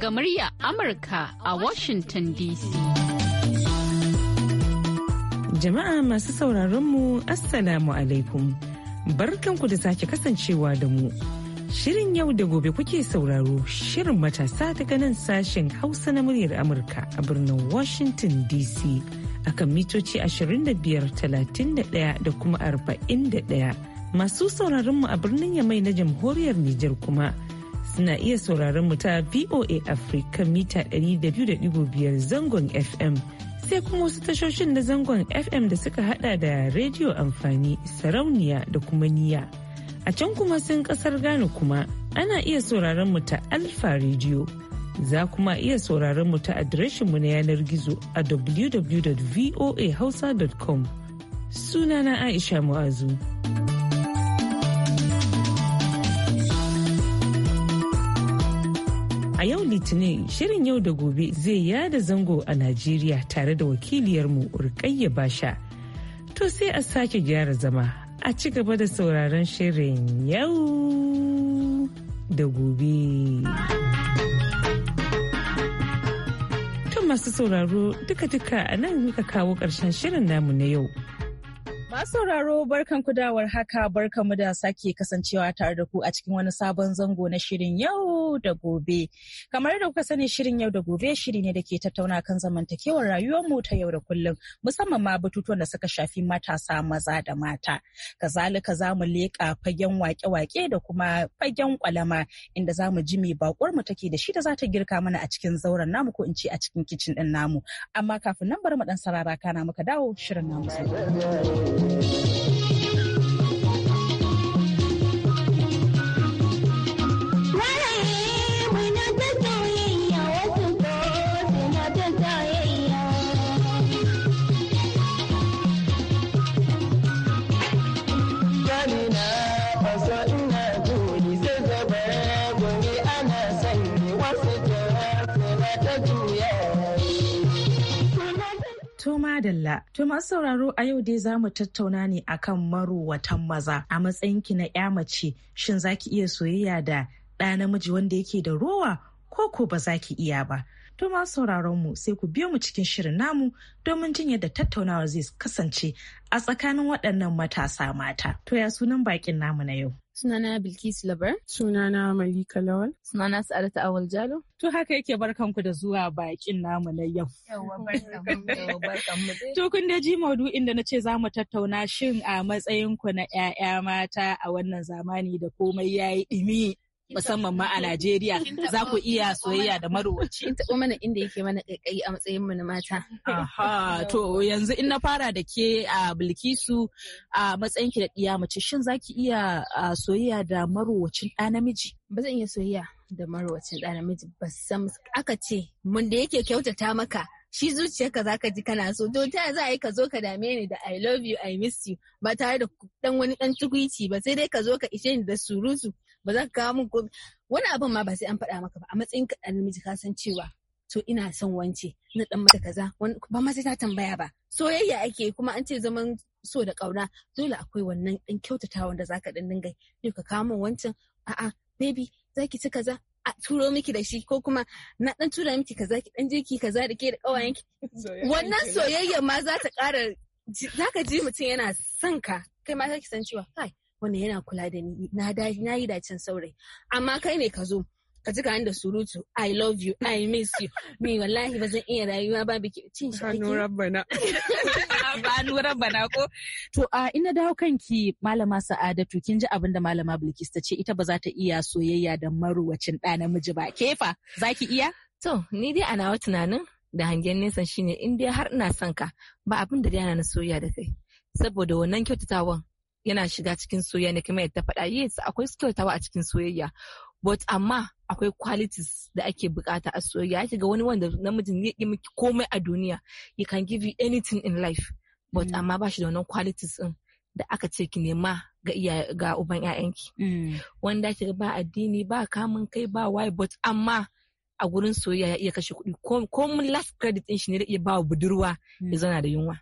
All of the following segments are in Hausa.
daga murya Amurka a Washington DC. Jama'a masu sauraronmu Assalamu alaikum. Barkanku da sake kasancewa da mu. Shirin yau da gobe kuke sauraro shirin matasa daga nan sashen Hausa na muryar Amurka a birnin Washington DC kan mitoci 2531 da kuma 41. masu sauraronmu a birnin yamai na jamhuriyar Nijar kuma suna iya sauraron mu ta VOA Africa mita 200.5 zangon FM. Sai kuma wasu tashoshin na zangon FM da suka hada da rediyo amfani, sarauniya da kuma niya. A can kuma sun kasar Ghana kuma ana iya sauraron mu ta Alfa Radio. Za kuma iya sauraron mu ta adireshin mu na yanar gizo a www.voahausa.com. Sunana Aisha Mu'azu. litinin shirin yau da gobe zai yada zango a najeriya tare da wakiliyarmu urkayya basha to sai a sake gyara zama a ci gaba da sauraron shirin yau da gobe masu sauraro duka-duka a nan muka kawo ƙarshen shirin namu na yau Masu sauraro barkan kudawar haka mu da sake kasancewa tare da ku a cikin wani sabon zango na shirin yau da gobe. Kamar da kuka sani shirin yau da gobe shiri ne da ke tattauna kan zamantakewar mu ta yau da kullum musamman ma batutuwan da suka shafi matasa maza da mata. Kazalika za mu leƙa fagen wake-wake da kuma fagen kwalama inda za mu ji mai bakuwar mu take da shi da za ta girka mana a cikin zauren namu ko in ce a cikin kicin din namu. Amma kafin nan bari mu dan sarara kana muka dawo shirin namu. Thank you. To dalla to masu sauraro a yau dai za mu tattauna ne akan marowatan maza a matsayinki na 'ya mace shin za ki iya soyayya da ɗa namiji wanda yake da rowa ko ko ba za ki iya ba. To masu sauraron mu sai ku biyo mu cikin shirin namu domin jin yadda tattaunawa zai kasance a tsakanin waɗannan matasa mata. To ya sunan bakin namu na yau. Sunana Bilkis Labar. Sunana Malika Lawal. Sunana Sa'adatu Awal Jalo. To haka yake barkanku da zuwa bakin namu na yau. To kun da ji maudu'in da na ce za mu tattauna shin a matsayinku na 'ya'ya mata a wannan zamani da komai yayi ɗimi. musamman ma a Najeriya za ku iya soyayya da marowaci. Kin taɓa mana inda yake mana ƙaiƙayi a matsayin mu na mata. Aha, to yanzu in na fara da ke a Bilkisu a matsayin ki da ɗiya mace shin za ki iya soyayya da marowacin ɗa namiji? Ba zan iya soyayya da marowacin ɗa namiji ba sam aka ce mun da yake kyautata maka shi zuciyarka ka ji kana so to ta za a yi ka zo ka dame ni da I love you I miss you ba tare da ɗan wani ɗan tukwici ba sai dai ka zo ka ishe ni da surutu ba za ka kawo min ko wani abin ma ba sai an faɗa maka ba a matsayin ka ɗan namiji ka san cewa to ina son wance na ɗan mata kaza ba ma sai ta tambaya ba soyayya ake kuma an ce zaman so da ƙauna dole akwai wannan ɗan kyautata wanda za ka ɗan dinga yau ka kawo min wancan a'a baby za ki ci kaza a turo miki da shi ko kuma na ɗan tura miki kaza ki ɗan je ki kaza da ke da ƙawayen ki wannan soyayya ma za ta ƙara za ka ji mutum yana son ka kai ma za ki san cewa kai wanda yana kula da ni na dai na yi dacin saurayi amma kai ne ka zo ka ji da surutu i love you i miss you Me, wallahi ba zan iya rayuwa ba biki cin shi hannu rabbana nu rabbana ko to a ina dawo kanki malama sa'adatu kin ji abin da malama bilkis ta ce ita ba za ta iya soyayya da maruwacin da namiji ba kefa zaki iya to ni dai ana wa tunanin da hangen nesa shine in dai har ina son ka ba abin da dai na soyayya da kai saboda wannan kyautatawan yana shiga cikin soyayya ne kamar yadda faɗa yes akwai kyautawa a cikin soyayya but amma akwai qualities da ake bukata a soyayya ake ga wani wanda namijin ya yi miki komai a duniya he can give you anything in life but mm. amma ba shi da wannan qualities din da aka ce ki nema ga iya ga uban ƴaƴanki mm. wanda ake ba addini ba kamun kai ba why but amma a gurin soyayya ya iya kashe kuɗi ko mun last credit din shi ne da iya ba budurwa ya mm. zana da yunwa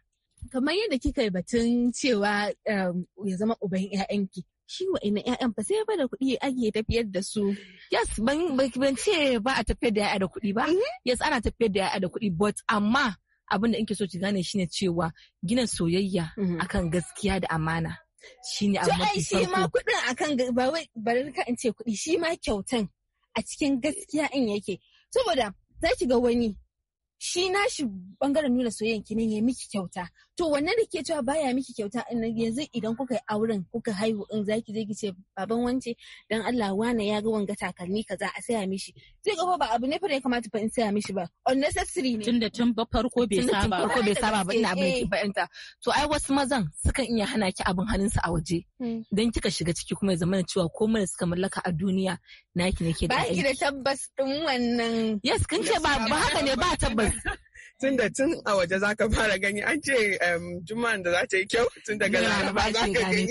kamar yadda kika yi batun cewa um, ya zama uban 'ya'yanki shi ina 'ya'yan ba sai ba da kuɗi ake tafiyar da su yes ban ce ba a tafiyar da 'ya'ya da kuɗi ba mm-hmm. yes ana tafiyar da 'ya'ya da kuɗi but amma abin da in so ki gane shine cewa gina soyayya mm-hmm. akan gaskiya da amana shine abu mafi farko shi ma kuɗin akan ba wai bari ka in ce kuɗi shi ma kyautan a cikin gaskiya in yake saboda za ki ga wani shi shi bangaren nuna soyayyan ki ne ya miki kyauta to wannan da ke cewa baya miki kyauta yanzu idan kuka yi auren kuka haihu in zaki je ki ce baban wance dan Allah wane ya ga wanga takalmi kaza a saya mishi zai ga ba abu ne fa da ya kamata fa in saya mishi ba unnecessary ne tunda tun ba farko bai saba farko bai saba ba ina abin eh, eh. ki bayanta to ai wasu mazan sukan iya hana ki abin hannunsu a waje hmm. dan kika shiga ciki kuma ya zamana cewa komai suka mallaka a duniya naki ne ke da ba ki da tabbas din wannan yes kin ce ba haka ne ba tabbas tun da tun a waje za ka fara gani an ce juma'an da za ta yi kyau tun daga laraba za ka gani.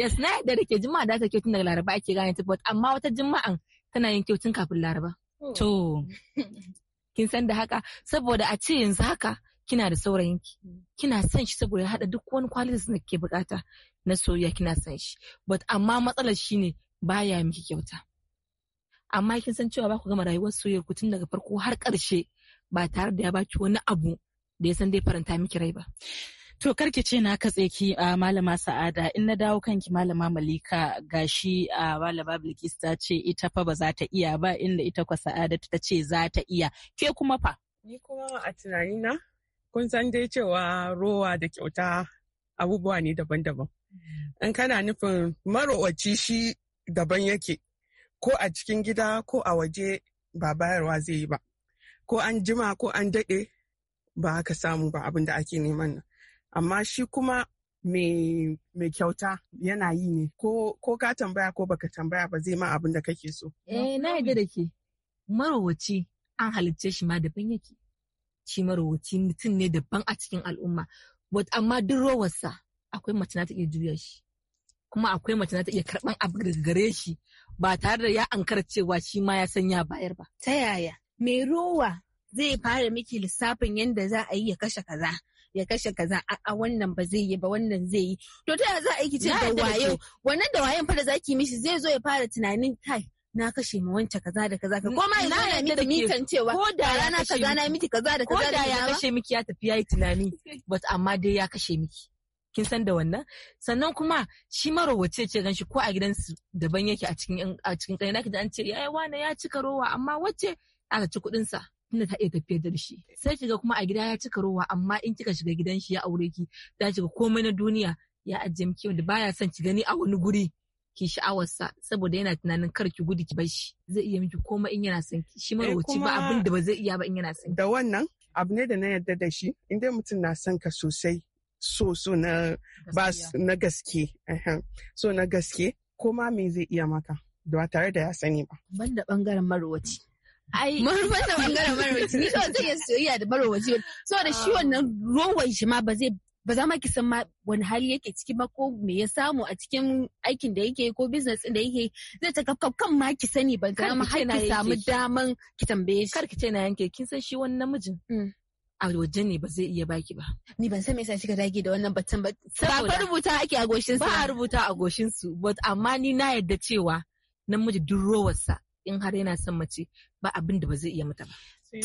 Yes, na yadda da ke juma'a da ta kyau tun daga laraba ake gane ta amma wata juma'an tana yin kyau tun kafin laraba. Oh. To, kin san da haka saboda a ce yanzu haka kina da saurayinki kina san shi saboda haɗa duk wani kwalita da ke bukata na soyayya kina san shi but amma matsalar shi ne baya miki kyauta amma kin san cewa ba ku gama rayuwar soyayya ku tun daga farko har ƙarshe ba tare da ya baki wani abu da ya san dai faranta miki rai ba. To karki ce na katse ki a malama sa'ada in na dawo kanki malama malika gashi a malama bilkis ta ce ita fa ba za ta iya ba inda ita kwa sa'ada ta ce za ta iya ke kuma fa. Ni kuma a tunanina kun san dai cewa rowa da kyauta abubuwa ne daban-daban. Mm. In kana nufin marowaci shi daban yake ko a cikin gida ko a waje ba bayarwa zai yi ba. ko an jima ko an daɗe ba aka samu ba abin da ake neman nan amma shi kuma mai kyauta yana yi ne ko ka tambaya ko baka tambaya ba zai ma abin da kake so. Eh na yadda da ke marowaci an halicce shi ma daban yake. Shi marowaci mutum ne daban a cikin al'umma. Amma duk rowarsa akwai mace na ta iya juya shi. Kuma akwai mace na ta iya karɓan abu daga gare shi ba tare da ya ankara cewa shi ma ya sanya bayar ba. Ta yaya? mai rowa zai fara miki lissafin yadda za a yi ya kashe kaza ya kashe kaza a wannan ba zai yi ba wannan zai yi to ta za a yi kicin da wayo wannan da wayan fa da zaki mishi zai zo ya fara tunanin kai na kashe mu wancan kaza da kaza ko ma ina ya miki mitan cewa ko da rana kaza na miki kaza da kaza da ya kashe miki ya tafi yayi tunani but amma dai ya kashe miki kin san da wannan sannan kuma shi marowace ce ganshi ko a gidansu daban yake a cikin a cikin kai naki da an ce yayi wane ya cika rowa amma wacce aka ci kuɗinsa tunda ta iya tafiyar da shi sai shiga kuma a gida ya cika rowa amma in kika shiga gidan shi ya aure ki za shiga komai na duniya ya ajiye miki wanda baya son ki gani a wani guri ki sha'awarsa saboda yana tunanin kar ki gudu ki bar shi zai iya miki komai in yana son ki shi eh, marwaci ba abin da ba zai iya ba in yana son da wannan abu ne da na yarda da shi in dai mutum na son ka sosai so so na ba na gaske so na gaske ma me zai iya maka ba tare da ya sani ba Banda ɓangaren bangaren marwaci ai marwan da bangaren marwaci ni kawai zai yi soyayya da marwaci saboda shi ah. wannan rowan shi ma ba zai ba za ma ki san ma wani hali yake ciki ba ko me ya samu a cikin aikin da yake ko business da yake zai ta kafkaf kan ma ki sani ban ga ma har ki samu daman ki tambaye shi kar ki ce na yanke kin san shi wani namijin mm. a waje ne ba zai iya baki ba ni ban san me yasa kika dage da wannan batun ba ba fa rubuta ake a goshin su ba rubuta a goshin su but amma ni na yadda cewa namiji duk rowarsa in har yana son mace ba abin da ba zai iya mata ba.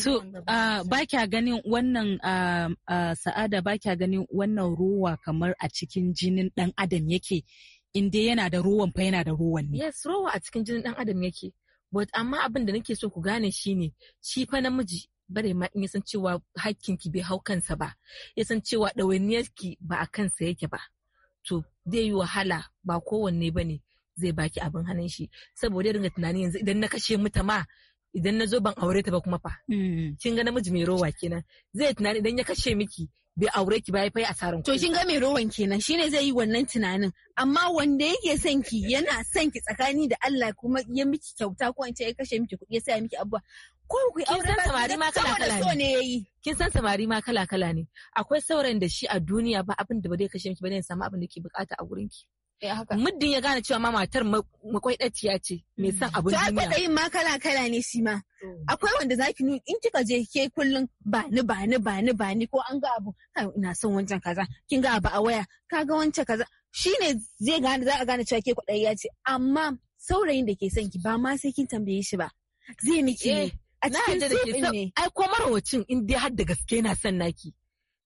To, ah, ba kya ganin wannan ah, ah, sa'ada ba kya ganin wannan rowa kamar a cikin jinin ɗan adam yake inda yana da rowan fa yana da rowan ne. Yes, rowa a cikin jinin ɗan adam yake. But amma abin da nake so ku gane shi ne, shi fa namiji bare ma in san cewa hakkinki bai hau kansa ba, ya san cewa ɗawainiyarki ba a kansa yake ba. To, zai yi wahala ba kowanne ba ne. zai baki abin hannun shi saboda ya tunani yanzu idan na kashe mata ma idan na zo ban aure ta ba kuma fa mm. kin ga namiji mai rowa kenan zai tunani idan ya kashe miki bai aure ki ba ya fai a asarin to kin ga mai rowan kenan shine zai yi wannan tunanin amma wanda yake son ki yana son ki tsakani da Allah kuma ya miki kyauta ko an ce ya kashe miki kuɗi ya saya miki abuwa ko ku aure ba samari ma kala kala ne kin san samari ma kala kala ne akwai sauran da shi a duniya ba abin da ba zai kashe miki ba ne samu abin da ke bukata a gurin ki Eh, muddin ya gane cewa ma matar makwaidaciya ce mai son abin duniya. To kwaɗayin ma kala kala ne shi ma. Akwai wanda za ki nuna in kika je ke kullum ba ni ba ni ba ni ba ni ko an ga abu ina son wancan kaza kin ga abu a waya ka ga wancan kaza shi ne zai gane za a gane cewa ke kwaɗayya ce amma saurayin da ke son ki ba ma sai kin tambaye shi ba zai miki eh, ne. A cikin ne. Ai ko marawacin in dai har da gaske na son naki.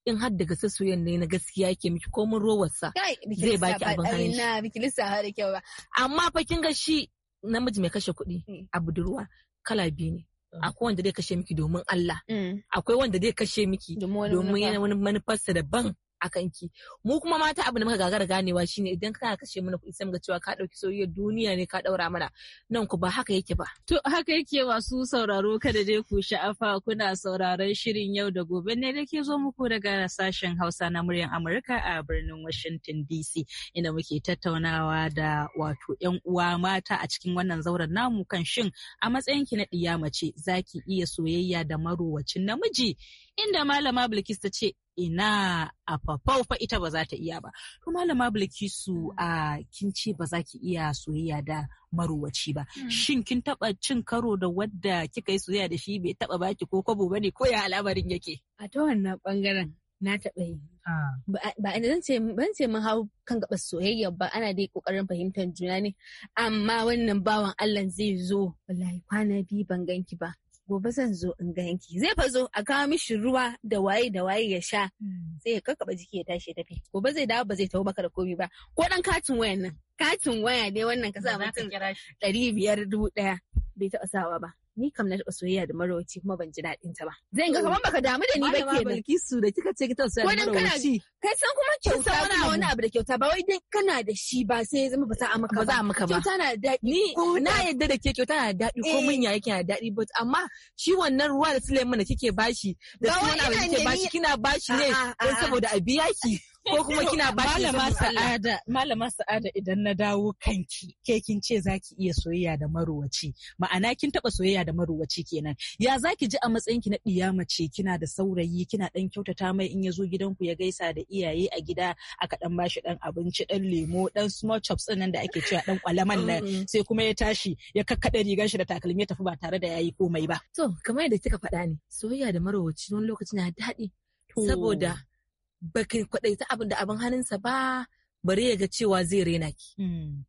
in har daga sassoyan ne na gaskiya yake miki komin rowarsa zai baki abin hanyar shi. lissa har ba. Amma fa kin ga shi namiji mai kashe kuɗi hmm. a budurwa kala biyu ne. Hmm. Akwai wanda zai kashe miki domin Allah. Hmm. Akwai wanda zai kashe miki domin wani manufarsa daban. a kanki mu kuma mata abu da muka gagara ganewa shine idan ka kashe mana kuɗi sai muka cewa ka ɗauki soyayyar duniya ne ka ɗaura mana nan ku ba haka yake ba to haka yake masu sauraro kada dai ku sha'afa kuna sauraron shirin yau da gobe ne da ke zo muku daga sashen Hausa na muryar Amurka a birnin Washington DC inda muke tattaunawa da wato yan uwa mata a cikin wannan zauren namu kan shin a matsayin ki na ɗiya mace zaki iya soyayya da marowacin namiji inda malama Bilkis ta ce ina a fafau fa ita ba za ta iya ba. To malama Bilkisu mm. a kin ce ba za ki iya soyayya da marowaci ba. Mm. Shin kin taba cin karo da wadda kika yi soyayya da shi bai taba baki ko kwabo bane ko ya al'amarin yake? A ta wannan bangaren na taɓa yi. Ah. Ba zan ce ban ce mun hau kan gaba soyayya ba ana dai kokarin fahimtar juna ne amma wannan bawan Allah zai zo wallahi kwana biyu ban ganki ba gobe zan zo in ga yanki. zai fa zo a kawo mishi ruwa da waye da waye ya sha hmm. sai ya kakkaba jiki ya tashi ya tafi gobe zai dawo ba zai tawo maka da komai ba ko dan katin wayan nan katin waya ne wannan ka sa mutum ɗari dubu ɗaya bai taɓa sawa ba ni kam na taɓa soyayya da marauci kuma ban ji daɗin ta ba. Zan ga kamar baka damu da ni ba kenan. Malama Bilkisu da kika ce kita soyayya da marowaci. Kai san kuma kyauta wani wani abu da kyauta ba wai dai kana da shi ba sai ya zama ba za a maka ba. Ba za a maka ba. Kyauta na da daɗi. Ni na yadda da ke kyauta na da daɗi ko eh. mun yaya kina da daɗi but amma shi wannan ruwa da Suleiman da kike bashi da wani abu da kike bashi kina bashi ne don saboda a biya ki. ko kuma kina ba malama sa'ada malama sa'ada idan na dawo kanki ke kin ce zaki iya soyayya da maruwaci ma'ana kin taba soyayya da maruwaci kenan ya zaki ji a matsayin ki na diya mace kina da saurayi kina dan kyautata mai in yazo gidanku ya gaisa da iyaye a gida aka dan bashi dan abinci dan lemo dan small chops nan da ake cewa dan kwalaman nan sai kuma ya tashi ya kakkada rigar shi da takalmi ya tafi ba tare da yayi komai ba to kamar yadda kika faɗa ne soyayya da maruwaci wani lokaci na daɗi saboda kwaɗayi ta abin da abin hannunsa ba bare ya ga cewa zai rena ki hmm.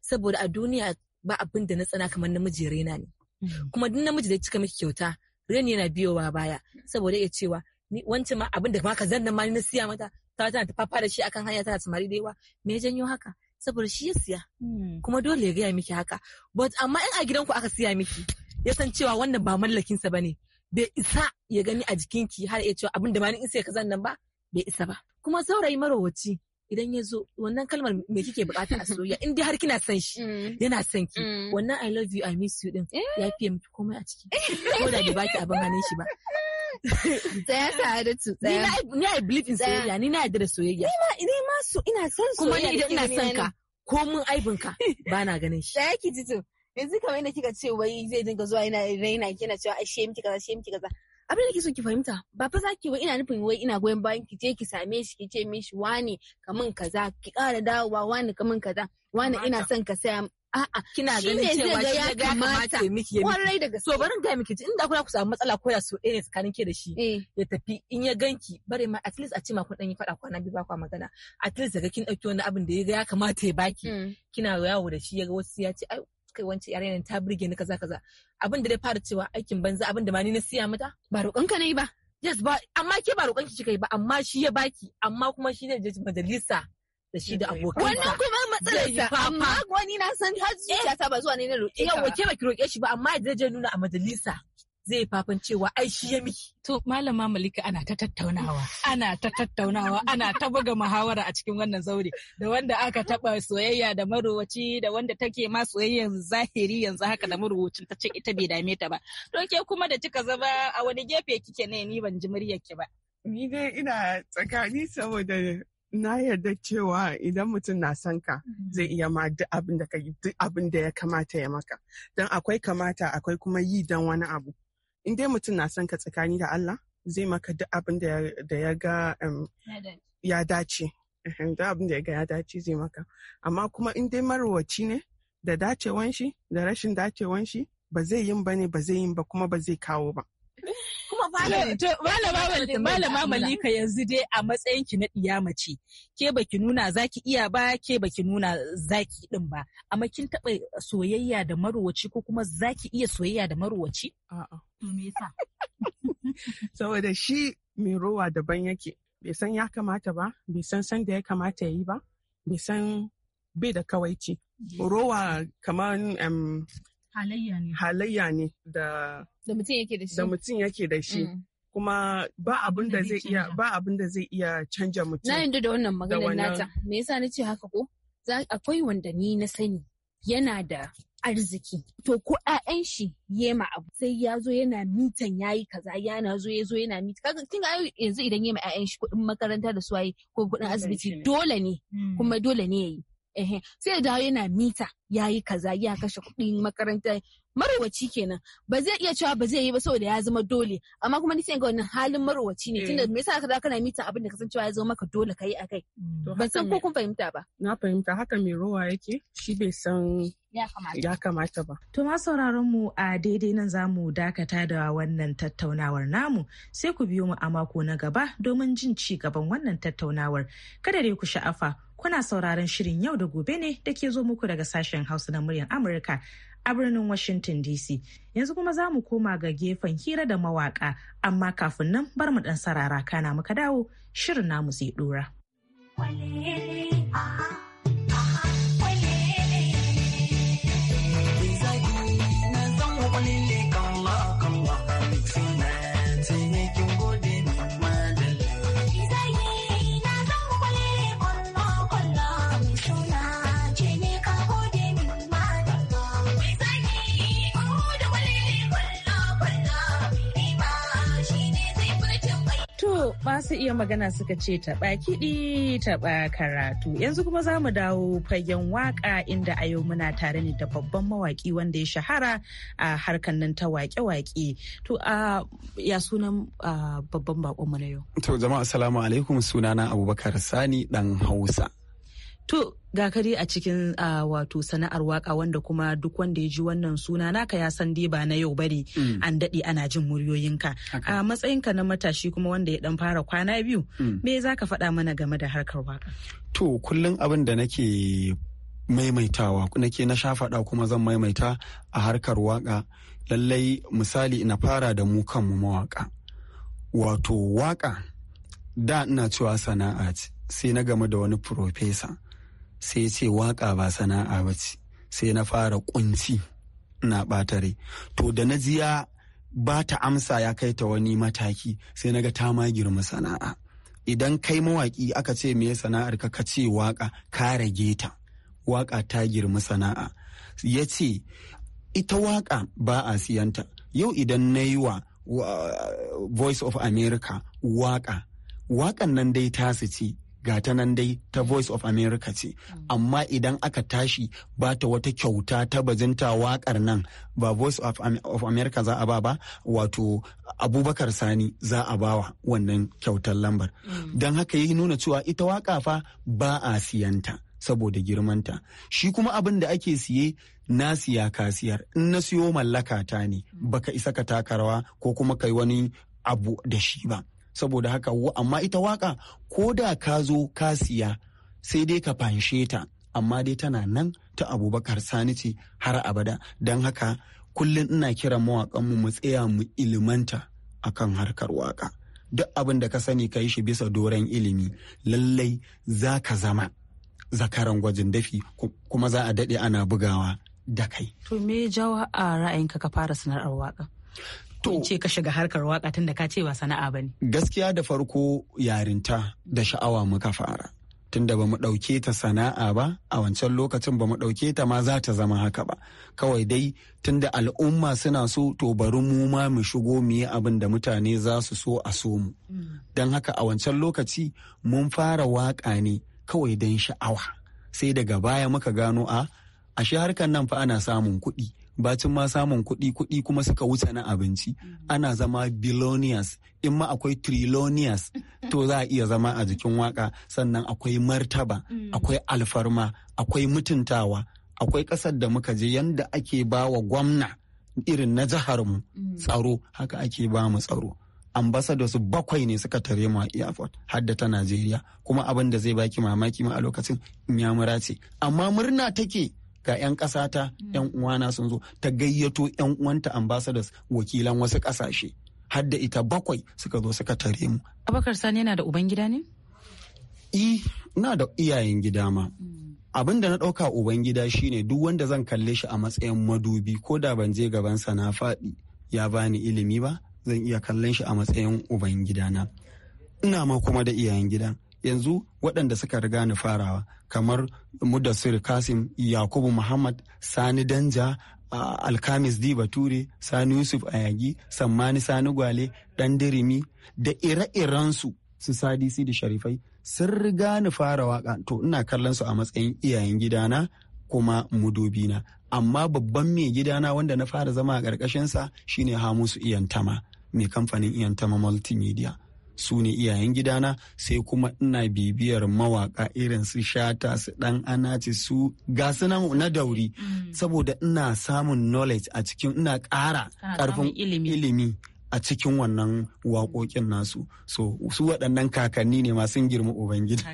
saboda a duniya ba abin da na tsana kamar namiji rena ne hmm. kuma duk namiji da cika miki kyauta reni yana biyowa baya saboda ya cewa wancan ma abin da maka zan nama ni na siya mata ta tana ta fafa da shi akan hanya tana samari da yawa me ya janyo haka saboda shi ya siya hmm. kuma dole ya gaya miki haka but amma in a gidanku aka siya miki ya san cewa wannan ba mallakinsa ba ne. bai isa ya gani a jikinki har ya cewa abin da ma ni in sai ka nan ba bai isa ba kuma saurayi marowaci idan ya zo wannan kalmar me kike bukata a soyayya in dai har kina son shi mm. yana son ki mm. wannan i love you i miss you din ya eh. fiye miki komai a ciki ko da bai baki abin hannun shi ba tsaya tare da tu tsaya ni na believe in soyayya ni na yadda da soyayya ni ma so ina son soyayya kuma ni idan ina son ka ko mun aibin ka ba na ganin shi tsaya ki ji to yanzu kamar yadda kika ce wai zai dinga zuwa yana raina kina cewa ashe miki kaza ashe miki kaza abin da ke so ki fahimta ba fa za ki wai ina nufin wai ina goyon bayan ki je ki same shi ki ce mishi wani kamun kaza ki ƙara dawowa wani kamun kaza wani ina son ka saya a'a kina ganin cewa shi ya kamata miki ya miki so barin ga miki inda kuna ku samu matsala ko da so ɗaya ne tsakanin ke da shi eh. ya tafi in ya ganki bare ma at least a ce ma kun dan yi fada kwana biyu ba kwa magana at least daga kin dauki wani abin da ya kamata ya baki mm. kina yawo da shi ya ga wasu ya ce ai kai yi wancan yarinyar ta burge ni kaza kaza abin da dai fara cewa aikin banza abin da ma ni na siya mata ba roƙon ka nayi ba yes ba amma ke ba roƙon ki kika yi ba amma shi ya baki amma kuma shi ne majalisa da shi da abokan wannan kuma sa amma wani na san hajji. zuciya eh, ta ba zuwa ne na roƙe ka yawa ke ba ki roƙe shi ba amma da je nuna a majalisa zai fafan cewa ai shi ya miki. To malama Malika ana ta tattaunawa, ana ta tattaunawa, ana ta buga muhawara a cikin wannan zaure da wanda aka taba soyayya da marowaci da wanda take ma soyayyan zahiri yanzu haka da marowacin ta ce ita bai dame ta ba. To ke kuma da kika zama a wani gefe kike ne ni ban ji muryar ki ba. Ni dai ina tsakani saboda na yarda cewa idan mutum na son ka mm-hmm. zai iya ma duk abin da ya kamata ya maka don akwai kamata akwai kuma yi don wani abu in dai mutum na son ka tsakani da Allah zai maka duk abin da ya ga ya dace duk abin da ya ga ya dace zai maka amma kuma in dai marwaci ne da dacewan shi da rashin dacewan shi ba zai yin ba ne ba zai yin ba kuma ba zai kawo ba kuma malama malama malika yanzu dai a matsayin ki na ɗiya mace ke baki nuna zaki iya ba ke baki nuna zaki din ba amma kin taɓa soyayya da marowaci ko kuma zaki iya soyayya da marowaci a'a to saboda shi mai rowa daban yake bai san ya kamata ba bai san san da ya kamata ya yi ba bai san bai da kawaici rowa kamar halayya ne da da mutum yake da shi da mutum yake da mm. kuma ba abin da zai iya ba abin da zai iya canja mutum na yanzu da wannan maganar nata me yasa na ce haka ko akwai wanda ni na sani yana da arziki to ko 'ya'yan shi yema abu sai ya zo yana mitan yayi kaza yana zo ya zo yana mita kaga kin ga yanzu idan yema 'ya'yan shi kuɗin makaranta da suwaye ko kuɗin asibiti dole ne mm. kuma dole ne yayi sai da dawo yana mita ya yi kaza ya kashe kuɗi makaranta marowaci kenan ba zai iya cewa ba zai yi ba saboda ya zama dole amma kuma ni sai ga wannan halin marowaci ne eh. tunda me yasa ka kana mita abin da ka san cewa ya zama maka dole kai kai mm. ba san ko kun fahimta ba na fahimta haka mai rowa yake shi bai san ya kamata ba. To ma sauraron mu a daidai nan za mu dakata da wannan tattaunawar namu sai ku biyo mu a mako na gaba domin jin ci gaban wannan tattaunawar. Kada dai ku sha'afa Kuna sauraron shirin yau da gobe ne da ke zo muku daga sashen Hausa na muryar Amurka a birnin Washington DC. Yanzu kuma za mu koma ga gefen hira da mawaka, amma kafin nan bar mu ɗan sarara kana muka dawo shirin namu zai ɗora. masu iya magana suka ce taɓa kiɗi taɓa karatu. Yanzu kuma za mu dawo fagen waƙa inda a yau muna tare ne da babban mawaƙi wanda ya shahara a harkar nan ta waƙe-waƙe. To a ya sunan babban mu na yau. To jama'a assalamu alaikum sunana Abubakar Sani ɗan Hausa. To ga kare a cikin uh, wato sana'ar waka wanda kuma duk wanda ya ji wannan suna naka ya san dai ba na yau bane mm. an daɗe ana jin muryoyinka. A okay. uh, matsayinka na matashi kuma wanda ya dan fara kwana biyu mm. me za ka faɗa mana game da harkar waka? To kullum abin da nake maimaitawa nake na sha faɗa kuma zan maimaita a harkar waka lallai misali na fara da mu kanmu mawaka. Wato waka da ina cewa sana'a sai na game da wani profesa. sai ce waka ba sana'a ba ce sai na fara kunci na rai to da na jiya ba ta amsa ya kai ta wani mataki sai na ga ta ma girma sana'a idan kai mawaki aka ce me sana'ar ka ka ce waka ka rage ta waka ta girma sana'a ya ce ita waka ba a siyanta yau idan na yi wa voice of america waka wakan nan dai tasu ce gata nan dai ta voice of america ce mm. amma idan aka tashi ba ta wata kyauta ta bazinta wakar nan ba voice of, america za a ba ba wato abubakar sani za a bawa wannan kyautar lambar mm. don haka yi nuna cewa ita waka fa ba a siyanta saboda girmanta shi kuma abin da ake siye na siya kasiyar in na siyo mallaka ta ne mm. baka isa ka taka rawa ko kuma kai wani abu da shi ba saboda haka amma ita waka ko da ka zo ka siya sai dai ka fanshe ta amma dai tana nan ta abubakar sani ce har abada don haka kullum ina kiran mawaƙanmu mu tsaya mu ilimanta akan harkar waka duk abin da ka sani ka yi shi bisa doron ilimi lallai za ka zama zakaran gwajin dafi kuma za a daɗe ana bugawa da kai. To me jawa a ra'ayinka ka fara sana'ar waka? ko ce ka shiga harkar waka tun da ka ce ba sana'a ba ne gaskiya da farko yarinta da sha'awa muka fara tunda ba mu ɗauke ta sana'a ba a wancan lokacin ba mu ɗauke ta ma za ta zama haka ba kawai dai tunda al'umma suna so to bari mu ma mu shigo mu yi abin da mutane za su so a so mu mm. don haka a wancan lokaci mun fara waƙa ne kawai don sha'awa sai daga baya muka gano a ashe harkar nan fa ana samun kuɗi bacin ma samun kuɗi kuɗi kuma suka wuce na abinci mm. ana zama bilonias in ma akwai trilonias to za a iya zama a jikin waka sannan akwai martaba mm. akwai alfarma akwai mutuntawa akwai ƙasar da muka je yanda ake ba wa gwamna irin na jihar mu mm. tsaro haka ake ba mu tsaro ambassadors bakwai ne suka tare mu a airport har da ta Najeriya kuma abin da zai baki mamaki ma a lokacin inyamura ce amma murna take ga 'yan ƙasa ta 'yan mm. uwana sun zo ta gayyato 'yan uwanta ambassadors wakilan wasu ƙasashe har da ita bakwai suka zo suka tare mu. Abakar Sani yana da uban gida ne? I na da iyayen gida ma. Mm. Abin da na ɗauka uban gida shine duk wanda zan kalle shi a matsayin madubi ko da ban je gaban sa na faɗi ya bani ilimi ba zan iya kallon shi a matsayin uban gidana. Ina ma kuma da iyayen gida. yanzu waɗanda suka riga ni farawa kamar mudassir kasim yakubu muhammad sani danja alkamis di bature sani yusuf ayagi sammani sani gwale dan dirimi da ire-irensu su sadisi da sharifai sun riga ni fara waka to ina kallon su a matsayin iyayen gidana kuma mudubina amma babban mai gidana wanda na fara zama a ƙarƙashinsa shine hamusu iyantama mai kamfanin iyantama multimedia su ne iyayen gidana sai kuma ina bibiyar mawaka irin su shata su dan ce su gasu na dauri mm. saboda ina samun knowledge a cikin ina ƙara karfin ilimi a cikin wannan waƙoƙin nasu so su waɗannan kakanni ne masu girma ubangiji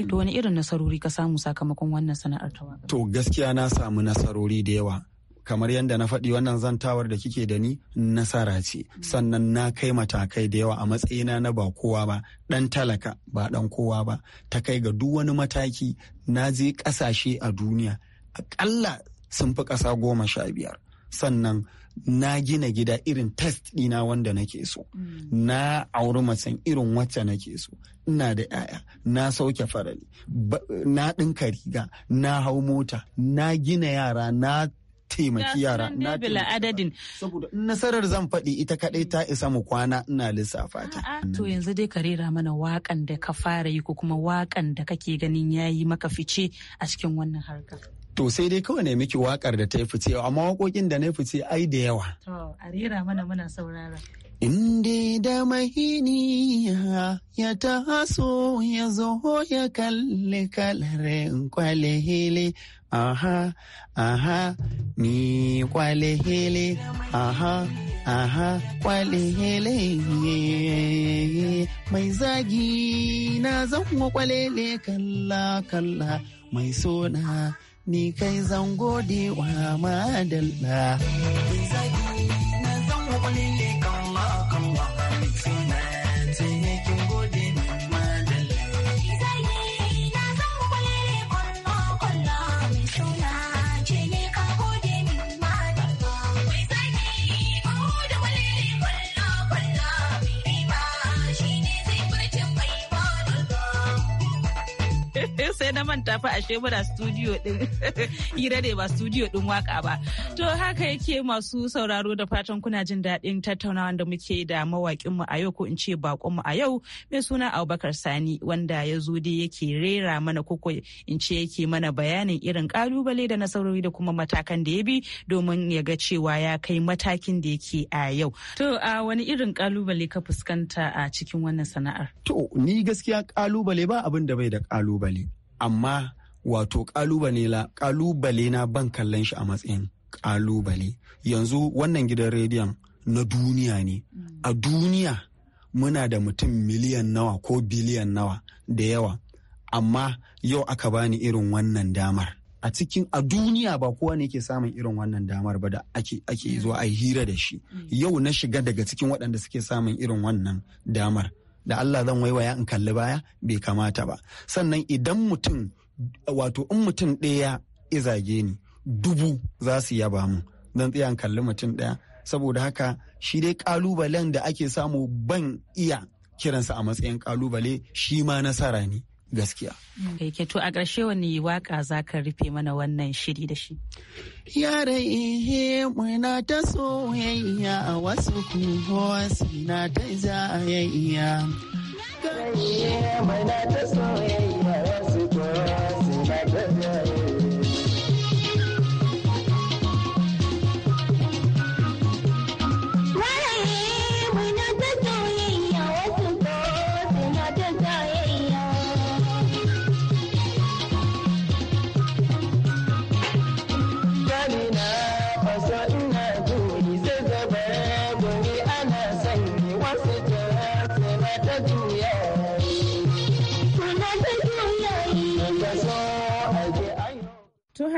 to wani irin nasarori ka samu sakamakon wannan sana'ar ta to gaskiya na samu nasarori da yawa kamar yadda na faɗi wannan zantawar da kike da ni nasara ce sannan na kai matakai da yawa a matsayina na ba kowa ba ɗan talaka ba ɗan kowa ba ta kai ga duk wani mataki na je ƙasashe a duniya aƙalla sun fi ƙasa goma sha biyar sannan na gina gida irin test ɗina wanda nake so na auri macen irin wacce nake so ina da 'ya'ya na sauke farali na ɗinka riga na hau mota na gina yara na taimaki yara na adadin saboda nasarar zan faɗi ita kaɗai ta isa mu kwana ina lissafa ta to yanzu dai ka rera mana wakan da ka fara yi ko kuma wakan da kake ganin yayi maka fice a cikin wannan harka to sai dai kawai ne miki wakar da ta yi fice amma wakokin da na yi fice ai da yawa to a rera mana muna saurara Inde da mahiniya ya taso ya zo ya kalli kwale kwalehele, aha, aha, ni kwalehele, aha, aha, kwalehele. Mai zagi na zan kwalele kalla kalla mai sona, ni kai zan gode wa madalla. sai na manta fa ashe muna studio din hira ne ba studio din waka ba to haka yake masu sauraro da fatan kuna jin daɗin tattaunawa da muke da mawakin mu a yau ko in ce bakon mu a yau mai suna Abubakar Sani wanda ya zo dai yake rera mana koko in ce yake mana bayanin irin kalubale da nasarori da kuma matakan da ya bi domin ya ga cewa ya kai matakin da yake a yau to a wani irin kalubale ka fuskanta a cikin wannan sana'ar to ni gaskiya kalubale ba abin da bai da kalubale amma wato kalubale na ban kallon shi a matsayin kalubale yanzu wannan gidan rediyon na duniya ne a duniya muna da mutum miliyan nawa ko biliyan nawa da yawa amma yau aka bani irin wannan damar a cikin a duniya ba kowa ne ke samun irin wannan damar ba da ake ake mm. zuwa a hira da shi mm. yau na shiga daga cikin waɗanda suke samun irin wannan damar da Allah zan waiwaya in kalli baya bai kamata ba sannan idan mutum wato in mutum ɗaya zage ni dubu za su yaba mu zan tsaya in kalli mutum ɗaya saboda haka shi dai kalubalen da ake samu ban iya kiransa a matsayin kalubale shi ma nasara ne gaskiya. Yake eh, to a ƙarshe wani waka za ka rufe mana wannan shiri da shi. Yare ihe muna ta soyayya a wasu kuma wasu na ta zayayya. Yare ihe muna ta soyayya.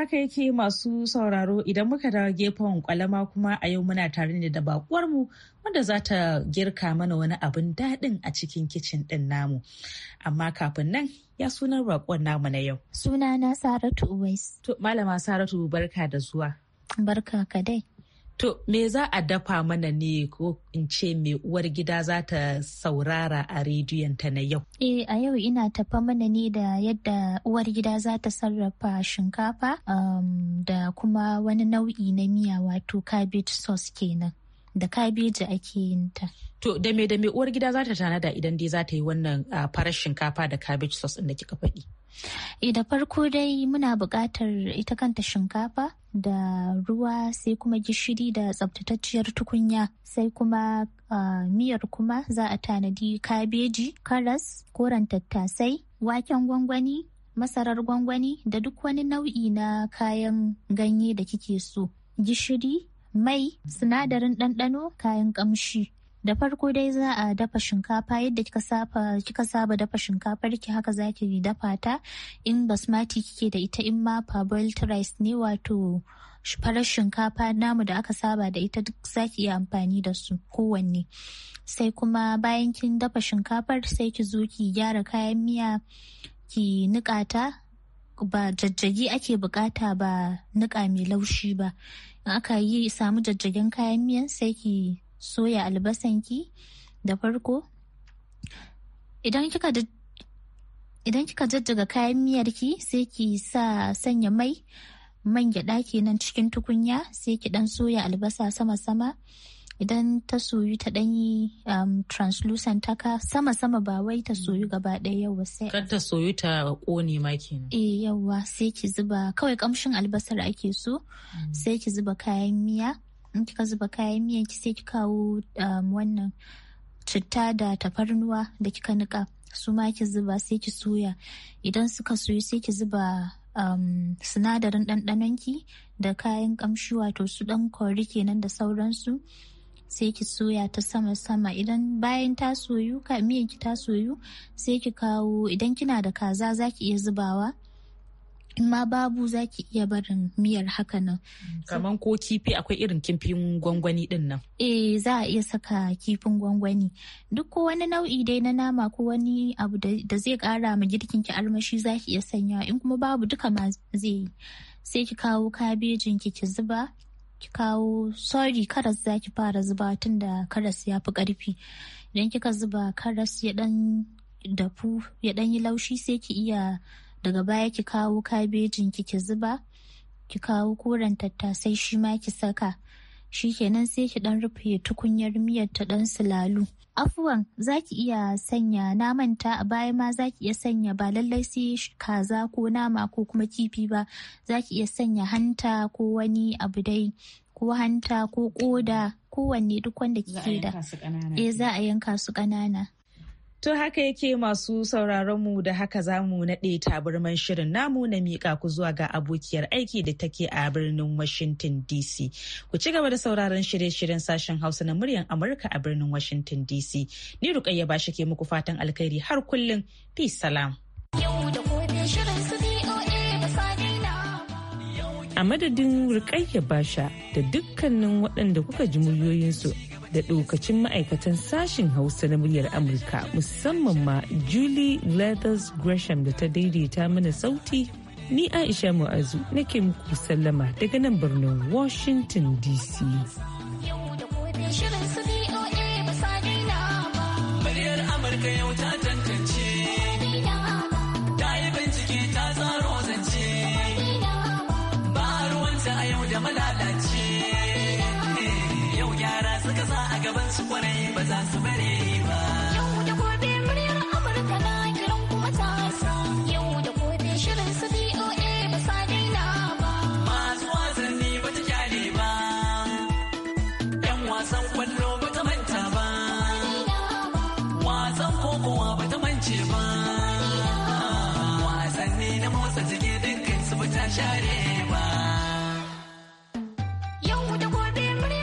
haka yake masu sauraro idan muka dawo gefen kwalama kuma a yau muna tare ne da mu wanda za ta girka mana wani abin daɗin a cikin kicin ɗin namu. Amma kafin nan ya sunan bakuwar namu na yau. Suna na Saratu Uwais. To Malama Saratu barka da zuwa. Barka ka dai. To me za a dafa mana ne ko in ce me uwar gida za ta saurara a rediyon ta na yau? Eh a yau ina tafa mana ne da yadda uwar gida za ta sarrafa shinkafa um, da kuma wani nau'i na miya wato cabbage sauce kenan. da kabeji ake yin ta. To da me da me uwar gida za ta tanada idan dai za ta yi wannan farar shinkafa da cabbage sauce da kika faɗi. E da farko dai muna buƙatar ita kanta shinkafa da ruwa sai kuma gishiri da tsabtatacciyar tukunya sai kuma uh, miyar kuma za a tanadi kabeji, karas, koren tattasai, waken gwangwani, masarar gwangwani da duk wani nau'i na kayan ganye da kike so. Gishiri mai, sinadarin ɗanɗano, kayan ƙamshi. Da farko dai za a dafa shinkafa yadda kika saba dafa shinkafar ki haka za ki dafa ta in basmati kike da ita in ma parboiled rice ne wato farar shinkafa namu da aka saba da ita duk zaki iya amfani da su kowanne sai kuma bayan kin dafa shinkafar sai ki zo ki gyara kayan miya ki niƙa ta ba jajjagi ake bukata ba niƙa mai laushi ba aka yi samu jajjagen kayan miyan sai ki soya albasan ki da farko idan kika idan kika jajjaga kayan miyar ki sai ki sa sanya mai man gyaɗa kenan cikin tukunya sai ki dan soya albasa sama-sama idan ta soyu ta ɗanyi um, translucent taka sama-sama ba wai ta soyu gaba ɗaya yawa sai kan ta soyu ta ƙone ma ne eh yawa sai ki zuba kawai kamshin albasar ake so mm. sai ki zuba kayan miya in kika zuba kayan miya ki sai ki kawo um, wannan citta da tafarnuwa da kika niƙa su ma ki zuba sai ki soya idan suka soyu sai ki zuba um, sinadarin ɗanɗanonki da kayan ƙamshi wato su ɗan kori kenan da sauransu sai ki soya ta sama sama idan bayan ta soyu ka miyan ki ta soyu sai ki kawo idan kina da kaza za ki iya zubawa in ma babu za ki iya barin miyar haka nan. Kaman ko kifi akwai irin kifin gwangwani din nan. Eh za a iya saka kifin gwangwani. Duk ko wani nau'i dai na nama ko wani abu da zai kara ma girkin ki almashi ki iya sanya in kuma babu duka ma zai yi. Sai ki kawo kabejin ki ki zuba ki kawo sorry karas za ki fara zuba tun da karas ya fi karfi idan kika zuba karas ya dan dafu ya dan yi laushi sai ki iya daga baya ki kawo kabejin ki ki zuba ki kawo koren tattasai shi ma ki saka shikenan sai ki dan rufe tukunyar miyar ta dan sulalu afuwan ki iya sanya na manta a baya ma za ki iya sanya ba lallai sai kaza ko nama ko kuma kifi ba za ki iya sanya hanta ko wani abu dai ko hanta ko koda kowanne duk wanda kike da eh za a yanka su ƙanana To haka yake masu mu da haka za mu naɗe taburman shirin namu na miƙa ku zuwa ga abokiyar aiki da take a birnin Washington DC. Ku ci gaba da sauraron shirye-shiryen sashen Hausa na muryar Amurka a birnin Washington DC. Ni ruƙayya ba shi ke muku fatan alkhairi har kullum. Peace salam. A madadin Rukayya Basha da dukkanin waɗanda kuka ji muryoyinsu da dokacin ma'aikatan sashen Hausa na muryar Amurka musamman ma Julie Leathers Gresham da ta daidaita mana sauti. Ni Aisha Mu'azu nake muku sallama daga nan birnin Washington DC. Yau da shirin su ba kwarai I za su bari